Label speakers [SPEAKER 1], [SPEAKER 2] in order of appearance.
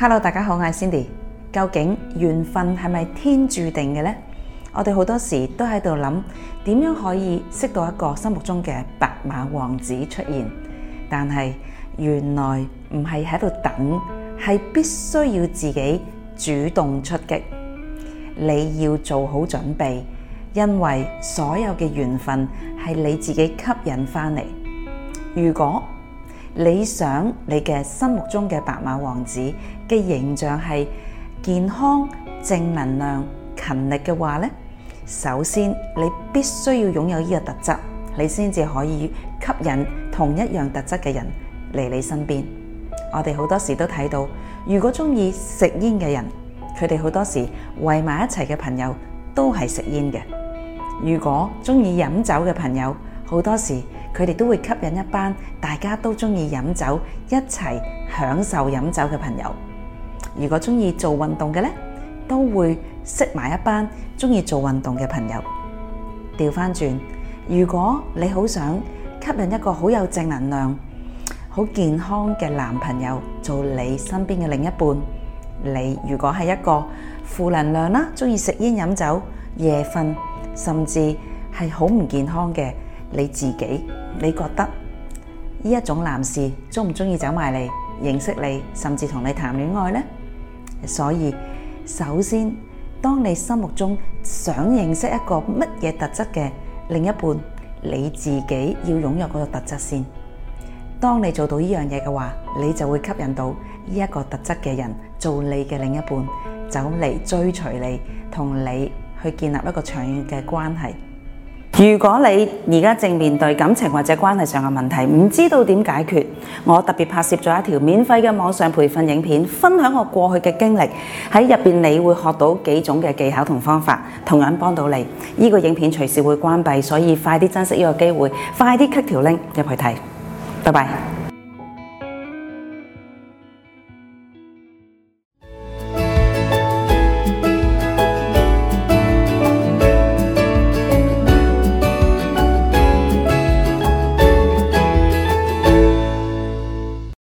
[SPEAKER 1] Hello，大家好，我係 Cindy。究竟緣分係咪天注定嘅呢？我哋好多時都喺度諗，點樣可以識到一個心目中嘅白馬王子出現？但係原來唔係喺度等，係必須要自己主動出擊。你要做好準備，因為所有嘅緣分係你自己吸引翻嚟。如果你想你嘅心目中嘅白馬王子嘅形象係健康、正能量、勤力嘅話咧，首先你必須要擁有呢個特質，你先至可以吸引同一樣特質嘅人嚟你身邊。我哋好多時都睇到，如果中意食煙嘅人，佢哋好多時圍埋一齊嘅朋友都係食煙嘅；如果中意飲酒嘅朋友，好多時。佢哋都會吸引一班大家都中意飲酒，一齊享受飲酒嘅朋友。如果中意做運動嘅咧，都會識埋一班中意做運動嘅朋友。調翻轉，如果你好想吸引一個好有正能量、好健康嘅男朋友做你身邊嘅另一半，你如果係一個負能量啦，中意食煙飲酒、夜瞓，甚至係好唔健康嘅。你自己，你覺得呢一種男士鍾唔鍾意走埋嚟認識你，甚至同你談戀愛呢？所以，首先，當你心目中想認識一個乜嘢特質嘅另一半，你自己要擁有嗰個特質先。當你做到呢樣嘢嘅話，你就會吸引到呢一個特質嘅人做你嘅另一半，走嚟追隨你，同你去建立一個長遠嘅關係。如果你而家正面對感情或者關係上嘅問題，唔知道點解決，我特別拍攝咗一條免費嘅網上培訓影片，分享我過去嘅經歷，喺入面你會學到幾種嘅技巧同方法，同樣幫到你。呢、這個影片隨時會關閉，所以快啲珍惜呢個機會，快啲 click 條 link 入去睇，拜拜。